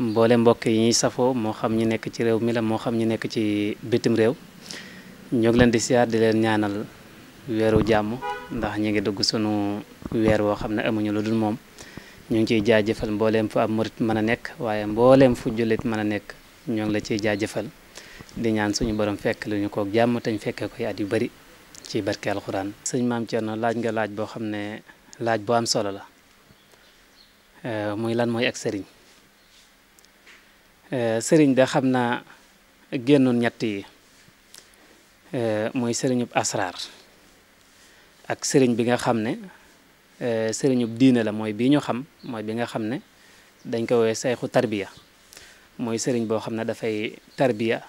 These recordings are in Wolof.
mboole mbokk yi ñuy safoo moo xam ñu nekk ci réew mi la moo xam ñu nekk ci bitim réew ñoo ngi leen di siyaar di leen ñaanal weeru jàmm ndax ñu ngi dugg sunu weer woo xam ne amuñu lu dul moom ñu ngi ciy jaajëfal mbooleem fu ab mën a nekk waaye mbooleem fu jullit mën a nekk ñoo ngi la ciy jaajëfal di ñaan suñu borom fekk lu ñu ko jàmm te ñu fekkee koy at yu bari ci barke alxuraan. sëñ maam Thierno laaj nga laaj boo xam ne laaj bu am solo la eh, muy lan mooy ak sëriñ Eh, sëriñ da xam naa génnoon ñett yi eh, mooy sëriñub asraar ak sëriñ bi nga xam ne eh, sëriñub diine la mooy bi ñu xam mooy bi nga xam ne dañ ko woowee sayxu tarbiya mooy sëriñ boo xam ne dafay tarbiya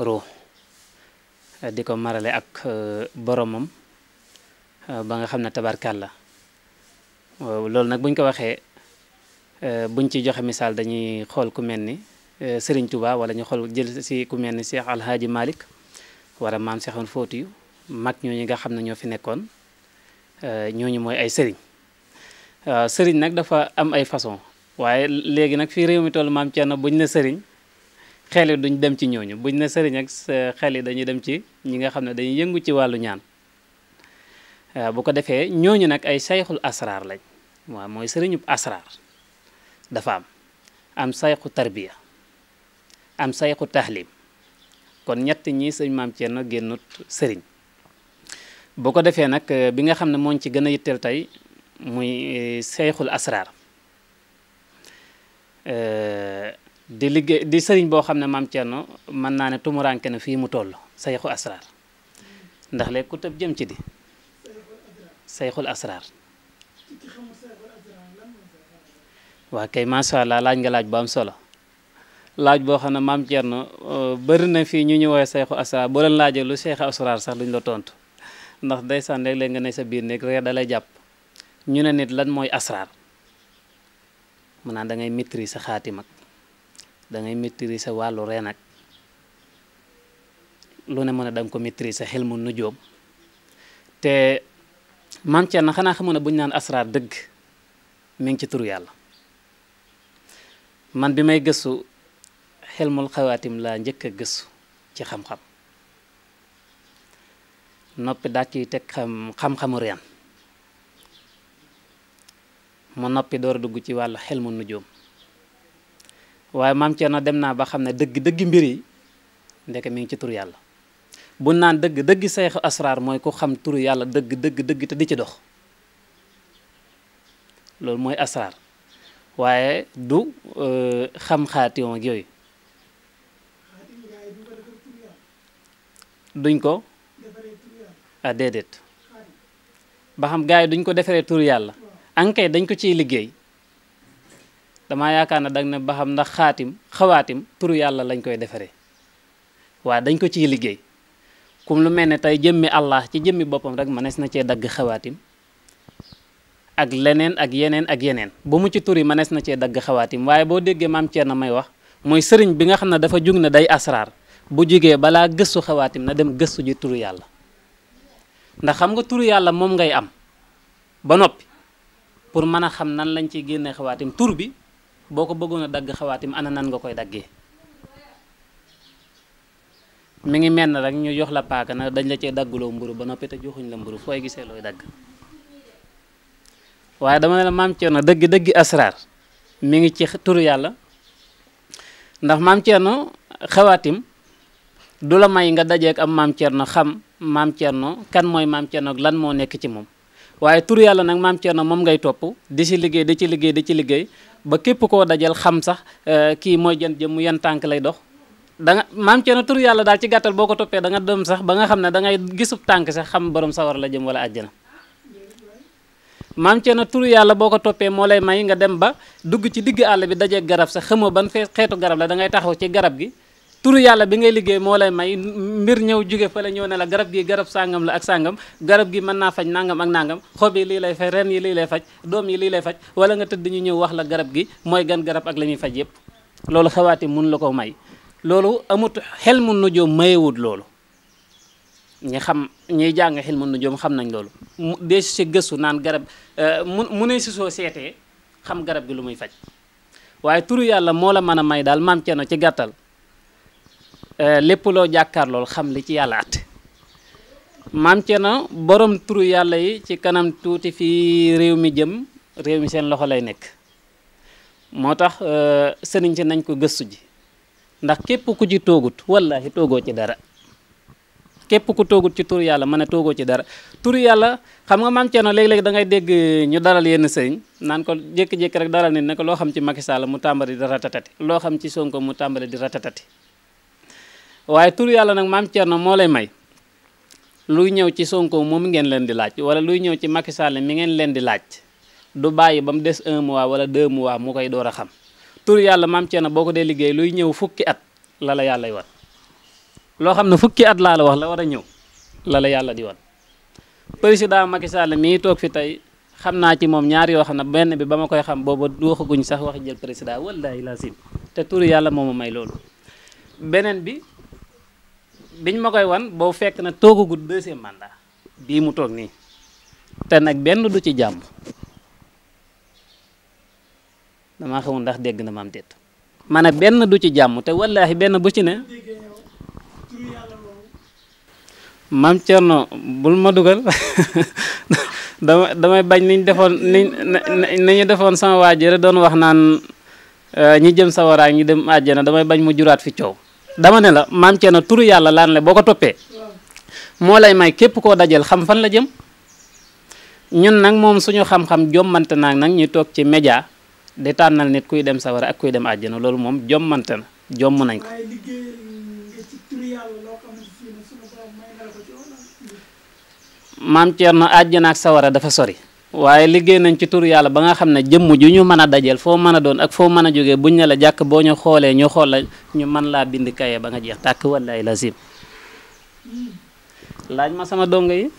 ruux di ko marale ak boromam ba nga xam ne tabarkàlla loolu nag buñ ko waxee Euh, buñ ci joxe misaal dañuy xool ku mel ni euh, Serigne Touba wala ñu xool jël si ku mel ni Cheikh Alhaaji malik wala maam Cheikhoun Fouti mag ñooñu nga xam ne ñoo fi nekkoon euh, ñooñu mooy ay sëriñ sëriñ nag dafa am ay façon waaye léegi nag fii réew mi toll maam Thierno buñ ne sëriñ xel yi duñ dem ci ñooñu buñ ne sëriñ ak xel yi dañuy dem ci ñi nga xam ne dañuy yëngu ci wàllu ñaan bu ko defee ñooñu nag ay sayxul asraar lañ waaw mooy sëriñub asraar dafa am am sayxu tarbiya am sayxu tahlim kon ñett ñi sëñ maam Thierno génnut sëriñ boo ko defee nag eh, bi nga xam ne mooñ ci gën a yitteel tey muy eh, sayxul asraar eh, di liggéey di sëriñ boo xam ne maam Thierno mën naa ne tumuraanke na fii mu toll sayxu asraar ndax léegi ku tëb jëm ci di sayxul asraar waa kay macha allah laaj nga laaj bu am solo laaj boo xam ne maam Thierno euh, bëri na fii ñu ñuy woowee Seexu Asraar boo leen laajee lu Seexu Asraar sax duñ la tontu ndax ndeysaan léeg-léeg nga ne sa biir néeg rek da lay jàpp ñu ne nit lan mooy asraar mu naan da ngay maîtriser sa xaati mag da ngay maîtriser sa wàllu reen ak lu ne mën a da ko maîtriser sa xel mu nujoom te maam na xanaa xamoon ne bu ñu naan asraar dëgg mi ngi ci turu yàlla. man bi may gëstu xelmul xawaatim laa njëkk a gëstu ci xam-xam noppi daal ciy teg xam xam-xamu reen ma noppi door a dugg ci wàll wàllu xelmu nujoom waaye maam Thierno dem naa ba xam ne dëgg dëgg mbir yi ndeke mi ngi ci tur yàlla bu naan dëgg dëgg sayxu asraar mooy ku xam tur yàlla dëgg dëgg dëgg te di ci dox loolu mooy asraar waaye du euh, xam xaatiyon yooyu duñ ko ah ba xam gars yi duñ ko defaree tur yàlla ankay dañ ko ciy liggéey damaa yaakaar ne dag ne ba xam ndax xaatim xawaatim turu yàlla lañ koy defaree waa dañ ko ciy liggéey comme lu mel ne tey jëmmi Allah ci jëmmi boppam rek mënees na cee dagg xawaatim ak leneen ak yeneen ak yeneen ba mu ci tur yi mënees na cee dagg xawaatim waaye boo déggee maam na may wax mooy sëriñ bi nga xam ne dafa jug na day asraar bu jugee balaa gëstu xawaatim na dem gëstu ji turu yàlla ndax xam nga turu yàlla moom ngay am ba noppi pour mën a xam nan lañ ciy génnee xawaatim tur bi boo ko bëggoon a dagg xawaatim ana nan nga koy daggee mu ngi menn ne rek ñu jox la paaka na dañ la cee dagguloo mburu ba noppi te joxuñ la mburu fooy gisee looy dagg waaye dama ne la maam Thierno dëgg dëgg asraar mi ngi ci turu yàlla ndax maam Thierno xawaatim du la may nga dajeek am maam Thierno xam maam Thierno kan mooy maam Thierno lan moo nekk ci moom waaye turu yàlla nag maam Thierno moom ngay topp di ci liggéey di ci liggéey di ci liggéey ba képp koo dajal xam sax euh, kii mooy jën jëmm yan tànk lay dox. da nga maam Thierno turu yàlla daal ci gàttal boo ko toppee danga dem sax ba nga xam ne da gisub tànk sax xam borom sawar la jëm wala àjjana. maam cee na turu yàlla boo ko toppee moo lay may nga dem ba dugg ci digg àll bi dajee garab sax xamoo ban fee xeetu garab la da ngay taxaw ci garab gi turu yàlla bi ngay liggéey moo lay may mbir ñëw jóge fa la ñëw ne la garab gi garab sàngam la ak sàngam garab gi mën naa faj nangam ak nangam xob yi lii lay faj ren yi lii lay faj doom yi lii lay faj wala nga tëdd ñu ñëw wax la garab gi mooy gan garab ak la ñuy faj yépp loolu xawaati mun la ko may loolu amut xel mun na joo mayewut loolu ñi xam ñiy jàng xilmu nujum xam nañ loolu mu dee si gëstu naan garab euh, mu mu ne si soo seetee xam garab gi lu muy faj waaye turu yàlla moo la mën a may daal maam Thierno ci gàttal euh, lépp loo jàkkaar lool xam li ci yàlla at maam Thierno borom turu yàlla yi ci kanam tuuti fii réew mi jëm réew mi seen loxo lay nekk moo tax euh, sëriñ si nañ ko gëstu ji ndax képp ku ci toogut wallahi toogoo ci dara képp ku toogut ci turu yàlla mën a toogoo ci dara turu yàlla xam nga maam Thierno léeg léegi da ngay dégg ñu daral yenn sëriñ naan ko jékki-jékki rek daral nit ne ko loo xam ci Macky Sall mu tàmbali di ratatati loo xam ci Sonko mu tàmbali di ratatati waaye turu yàlla nag maam na moo lay may luy ñëw ci Sonko moom ngeen leen di laaj wala luy ñëw ci Macky Sall mi ngeen leen di laaj du bàyyi ba mu des un mois wala deux mois mu koy door a xam turu yàlla maam Thierno boo ko dee liggéey luy ñëw fukki at la la yàlla loo xam ne fukki at laa la wax la war a ñëw la la yàlla di wan président Macky saala mii toog fi tey xam naa ci moom ñaar yoo xam ne benn bi ba ma koy xam booba waxaguñ sax wax jël président wallahi lasim te turu yàlla moo ma may loolu bi biñ ma koy wan boo fekk na toogagul deuxième mandat bii mu toog nii te nag benn du ci jàmm damaa xamul ndax dégg na maam déet ma ne benn du ci jàmm te wallahi benn bu ci ne maam Thierno bul ma dugal dama damay bañ niñ defoon niñ niñu defoon sama waajere doon wax naan euh, ñi jëm sawaraa ñi dem àjjana damay bañ mu juraat fi coow dama ne la maam Thierno turu yàlla laan le boo ko toppee moo lay may képp koo dajal xam fan la jëm ñun nag moom suñu xam-xam jommante naa nag ñu toog ci média di tànnal nit kuy dem sawara ak kuy dem àjjana loolu moom jommante na jomm nañ ko maam Thierno àjjana ak sawara dafa sori waaye liggéey nañ ci tur yàlla ba nga xam ne jëmm ju ñu mën a dajeel foo mën a doon ak foo mën a jógee buñ ne la jàkk boo ñu xoolee ñu xool la ñu man laa bind kaye ba nga jeex tàkk wallaay lazim laaj ma sama dongo yi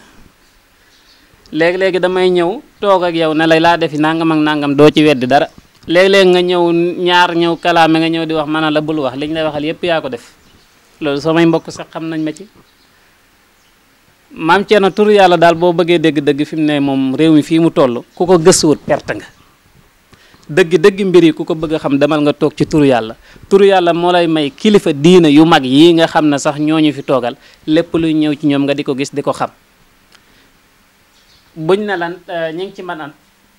léegi-léegi damay ñëw toog ak yow ne lay laa defi nangam ak nangam doo ci weddi dara léeg-léeg nga ñëw ñaar ñëw kalaame nga ñëw di wax maanaam la bul wax li lay waxal yépp yaa ko def loolu samay mbokk sax xam nañ ma maam Thierno tur yàlla daal boo bëggee dégg-dëgg fi mu ne moom réew mi fii mu toll ku ko gëstuwut perte nga dëgg dëgg mbir yi ku ko bëgg a xam demal nga toog ci turu yàlla turu yàlla moo lay may kilifa diina yu mag yi nga xam ne sax ñoo ñu fi toogal lépp luy ñëw ci ñoom nga di ko gis di ko xam buñ ne lan euh, ñu ngi ci mën an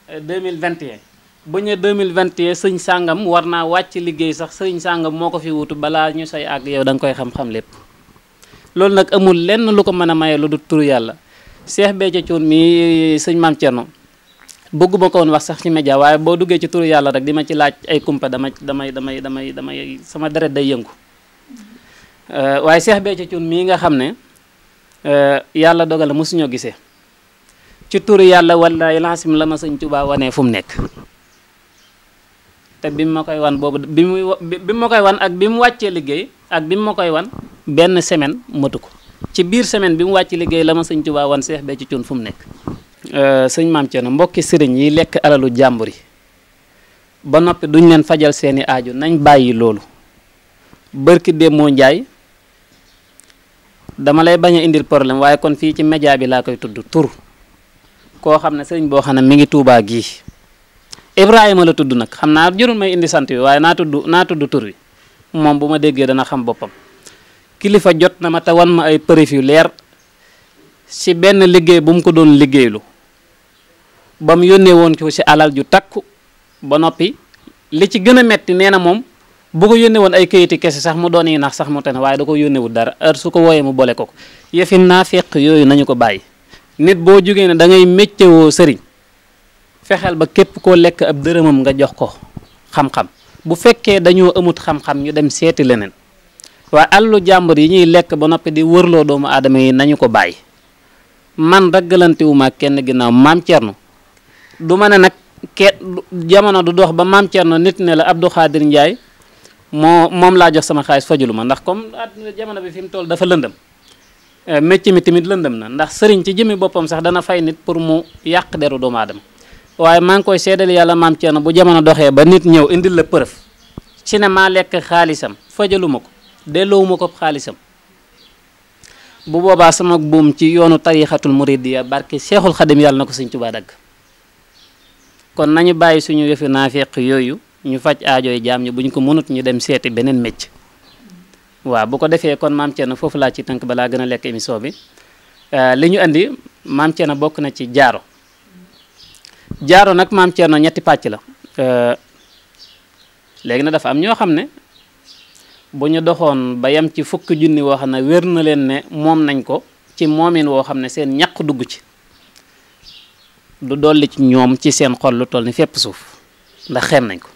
2021 buñ ne 2021 sëñ sàngam war naa wàcc liggéey sax sëñ sàngam moo ko fi wutu balaa ñu say àgg yow da nga koy xam lépp loolu nag amul lenn lu ko mën a maye lu du turu yàlla Cheikh Béthio Thioune mi sëñ maam Thierno bëgguma ko woon wax sax ci média waaye boo duggee ci turu yàlla rek di ma ci laaj ay kumpa damay damay damay damay sama deret day yëngu euh, waaye Cheikh Béthio Thioune mii nga xam ne euh, yàlla dogal na mosuñoo gisee ci turu yàlla wala lancim la ma sëñ Tuubaa wanee fu mu nekk te bi mu ma koy wan boobu bi muy bi mu ma koy wan ak bi mu wàccee liggéey ak bi mu ma koy wan benn semaine matu ko ci biir semaine bi mu wàcc liggéey la ma sëñ Tuubaa wan seex bee ci cuun fu mu nekk euh, sëñ maam Thierno mbokki sëriñ yi lekk alalu jàmbur yi ba noppi duñ leen fajal seeni aaju nañ bàyyi loolu bërki démmoo njaay dama lay bañ a indil problème waaye kon fii ci média bi laa koy tudd tur koo xam ne sëriñ boo xam ne mi ngi Tuubaa gii Ibrahima la tudd nag xam naa jërul may indi sant bi waaye naa tudd naa tudd tur wi moom bu ma déggee dana xam boppam kilifa jot na ma te wan ma ay preuve yu leer si benn liggéey bu mu ko doon liggéeylu ba mu yónnee woon ko ci alal ju takku ba noppi li ci gën a metti nee na moom bu ko yónnee woon ay kayitu kese sax mu doon yi nax sax mu tane waaye da ko yónnewul dara heure su ko wooyee mu boole ko ko naa naafeq yooyu nañu ko bàyyi nit boo jógee ne da ngay méccewoo sëriñ fexeel ba képp koo lekk ab dërëmam nga jox ko xam-xam bu fekkee dañoo amut xam-xam ñu dem seeti leneen waaye àllu jàmbur yi ñuy lekk ba noppi di wërloo doomu aadama yi nañu ko bàyyi man raggalantewuma kenn ginnaaw maam Cerno du ma ne nag ke jamono du dox ba maam Cerno nit ne la Abdou Khadir Ndiaye moo moom laa jox sama xaalis fajulu ma ndax comme jamono bi fi mu toll dafa lëndëm eh, mécc mi tamit lëndëm na ndax sëriñ ci jëmi boppam sax dana fay nit pour mu yàq deru doomu aadama waaye maa ngi koy seedal yàlla maam Cerno bu jamono doxee ba nit ñëw indil la preuve ci ne maa lekk xaalisam fajalu ko delloowuma ko xaalisam bu boobaa sama buum ci yoonu tarixatul muridiya barke seexul xadim yàlla na ko sëñ Tuubaa dagg kon nañu bàyyi suñu yëfi naafeq yooyu ñu faj aajooy jaam ñi bu ñu ko mënut ñu dem seeti beneen mécc waaw bu ko defee kon maam Thierno foofu laa ci tënk balaa gën a lekk émission bi euh, li ñu indi maam Thierno bokk na ci jaaro jaaro nag maam Thierno ñetti pàcc la euh, léegi na dafa am ñoo xam ne bu ñu doxoon ba yem ci fukk junni woo xam ne wér na leen ne moom nañ ko ci moomin woo xam ne seen ñaq dugg ci du dolli ci ñoom ci seen xol lu toll ni fépp suuf ndax xeem nañ ko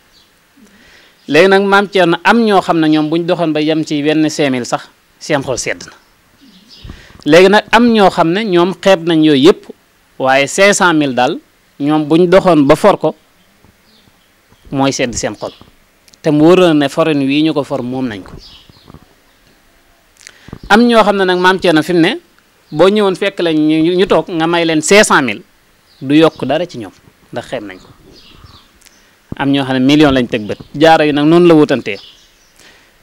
léegi nag maam Thierno am ñoo xam ne ñoom bu doxoon ba yem ci wenn cinq mille sax seen sedd léegi nag am ñoo xam ne ñoom xeeb nañ yooyu yëpp waaye cinq cent mille daal ñoom buñ doxoon ba for ko mooy sedd seen xol te mu wóor ne forin wii ñu ko for moom nañ ko am ñoo xam ne nag maam Thierno fim ne boo ñëwoon fekk lañ ñu toog nga may leen 500000 du yokk dara ci ñoom ndax xeeb nañ ko am ñoo xam ne million lañ teg bët jaaro yi nag noonu la wutantee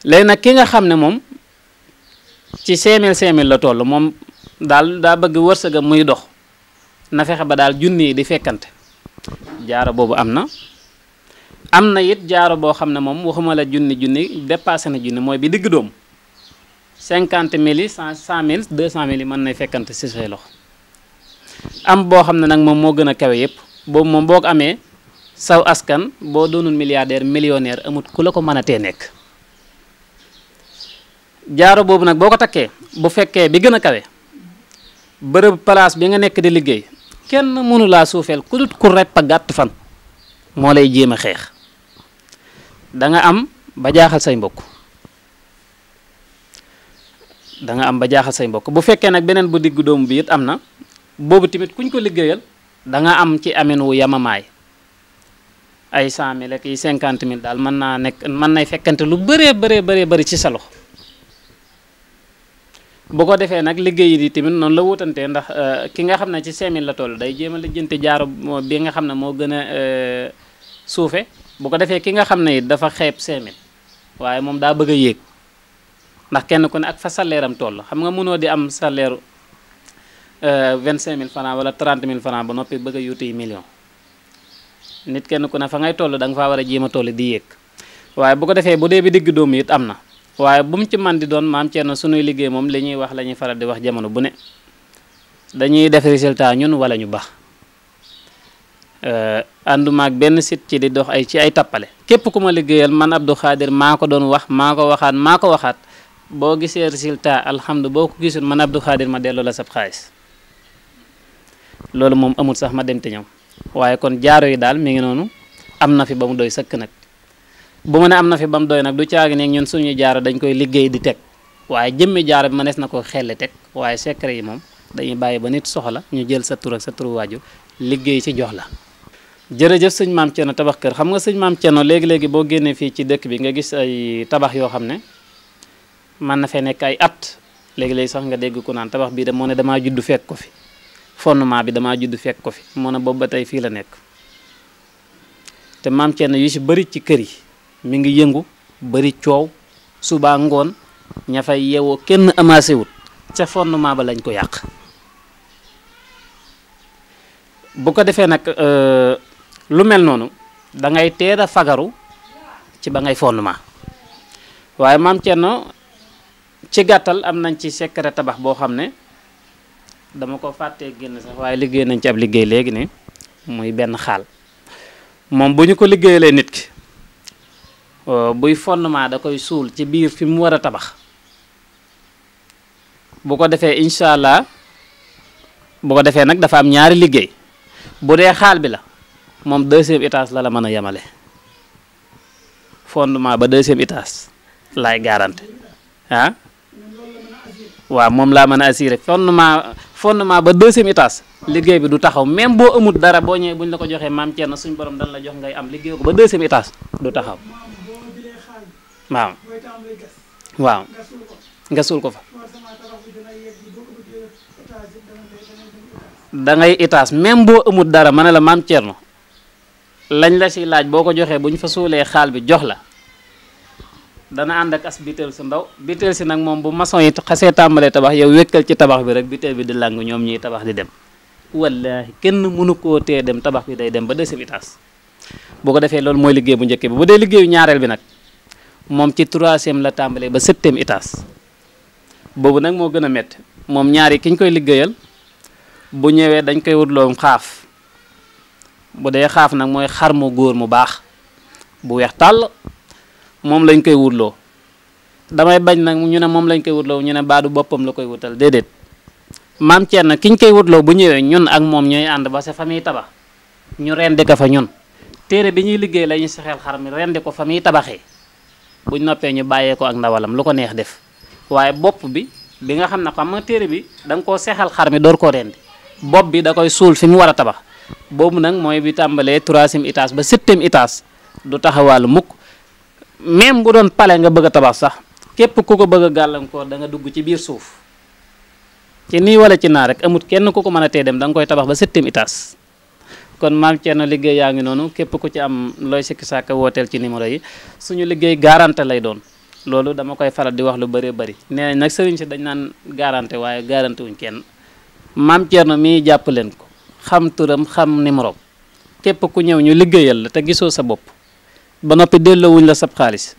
léegi nag ki nga xam ne moom ci 5000 5000 la toll moom daal daa bëgg wërsëga muy dox na fexe ba daal junni yi di fekkante jaaro boobu am na am na it jaaro boo xam ne moom waxuma la junni junni dépassé na junni mooy bi digg doom cinquante mille cent cent mille deux cent mille mën nay fekkante si say loxo am boo xam ne nag moom moo gën a kawe yëpp boobu moom boo ko amee saw askan boo doonul milliardaire millionnaire amut ku la ko mën a tee nekk jaaro boobu nag boo ko takkee bu fekkee bi gën a kawe bërëb place bi nga nekk di liggéey kenn mënu laa suufeel ku dut ku repp gàtt fan moo lay jéem a xeex danga am ba jaaxal say mbokk da am ba jaaxal say mbokk bu fekkee nag beneen bu digg doomu biir am na boobu tamit kuñ ko liggéeyal danga am ci amin wu yamamaay ay cent mille ak ay cinquante mille daal mën naa nekk mën nay fekkante lu bëree bare bëree bëri ci sa loxo bu ko defee nag liggéey yi tamit noonu la wutantee ndax euh, ki nga xam ne ci cinq mille la toll day jéem a lijjanti jaaro bi nga xam ne moo gën a euh, suufe bu ko defee ki nga xam ne it dafa xeeb 5000 waaye moom daa bëgg a yéeg ndax kenn ku ne ak fa salaire am toll xam nga mënoo di am salaire 25000 euh, francs wala mille francs ba noppi bëgg a yuuti yi million nit kenn ku ne fa ngay toll da nga faa war a jéem a toll di yéeg waaye bu ko defee bu dee bi digg doom it am na waaye bu mu ci man di doon maam Thierno sunuy liggéey moom li ñuy wax la ñuy faral di wax jamono bu ne dañuy def résultat ñun wala ñu baax. Euh, ànduma ak benn sit ci di dox ay ci ay tappale képp ku ma liggéeyal man Abdou Khadir maa ko doon wax maa ko waxaat maa ko waxaat boo gisee résultat alhamdu boo ko gisul man Abdou Khadir ma delloo la sab xaalis loolu moom amul sax ma demte te ñëw waaye kon jaaro yi daal mi ngi noonu am na fi ba mu doy sëkk nag bu ma ne am na fi ba mu doy nag du caagi ne ñun suñu jaaro dañ koy liggéey di teg waaye jëmmi jaaro bi mënees na ko xelle teg waaye secret yi moom dañuy bàyyi ba nit soxla ñu jël sa tur sa turu waajur liggéey ci jox la jërëjëf sëñ maam Thierno tabax kër xam nga sëñ maam Thierno léegi-léegi boo génnee fii ci dëkk bi nga gis ay tabax yoo xam ne man na fee nekk ay at léegi-léegi sax nga dégg ku naan tabax bii de moo ne damaa judd fekk ko fi fondement bi damaa judd fekk ko fi moo ne boobu ba tey fii la nekk te maam Thierno yu si bëri ci kër yi mu ngi yëngu bëri coow subaa ngoon ña fay yeewoo kenn amaase wut ca fondement ba lañ ko yàq bu ko defee nag euh, lu mel noonu da ngay teel a fagaru ci ba ngay fondement waaye maam Thierno ci gàttal am nañ ci secret tabax boo xam ne dama ko fàtte génn sax waaye liggéey nañ ci ab liggéey léegi ni muy benn xaal moom bu ñu ko liggéeyalee nit ki euh, buy fondement da koy suul ci biir fi mu war a tabax bu ko defee incha allah bu ko defee nag dafa am ñaari liggéey bu dee xaal bi la moom deuxième étage la la mën a yemale fondement ba deuxième étage laay garanti ah waaw moom laa mën a assuré fondement fondement ba deuxième étage liggéey bi du taxaw même boo amut dara boo ñëwee bu ñu la ko joxee maam na suñ borom dañ la jox ngay am liggéey ko ba deuxième étage du taxaw waaw waaw nga suul ko fa da ngay même boo amut dara ma ne la maam Thierno lañ la si laaj boo ko joxee bu ñu fa suulee xaal bi jox la dana ànd ak as biteel su ndaw biteel si nag moom bu maçon yi xasee tàmbalee tabax yow wékkal ci tabax bi rek biteel bi di làng ñoom ñii tabax di dem wallahi kenn mënu koo tee dem tabax bi day dem ba deuxième étage boo ko defee loolu mooy liggéey bu njëkk bi bu dee liggéeyu ñaareel nag moom ci troisième la tàmbalee ba septième étage boobu nag moo gën a métti moom ñaari ki ñu koy liggéeyal bu ñëwee dañ koy wutloom xaaf bu dee xaaf nag mooy xar mu góor mu baax bu weex tàll moom lañ koy wutloo damay bañ nag ñu ne moom lañ koy wutloo ñu ne baadu boppam la koy wutal déedéet maam Thierno kiñ koy wutloo bu ñëwee ñun ak moom ñooy ànd ba sa famille tabax ñu rendi ko fa ñun téere bi ñuy liggéey la ñuy sexeel xar mi rendi ko fa muy tabaxee buñ noppee ñu bàyyee ko ak ndawalam lu ko neex def waaye bopp bi bi nga xam ne xam nga téere bi da nga koo sexal xar mi door koo rendi bopp bi da koy suul fi mu war a tabax boobu nag mooy bi tàmbalee troisième étage ba septième étage du taxawaalu mukk même bu doon pale nga bëgg tabax sax képp ku ko bëgg gàllankoor da nga dugg ci biir suuf ci nii wala ci naar rek amut kenn ku ko mën a tee dem da nga koy tabax ba septième étage kon maam na liggéey yaa ngi noonu képp ku ci am looy sikki sàkka wooteel ci numéro yi suñu liggéey garante lay doon loolu dama koy faral di wax lu bëree bari nee nag sëriñ si dañ naan garante waaye garanté wuñ kenn maam Thierno mii jàpp leen ko xam turam xam numéro képp ku ñëw ñu liggéeyal la te gisoo sa bopp ba noppi delloowuñ la sab xaalis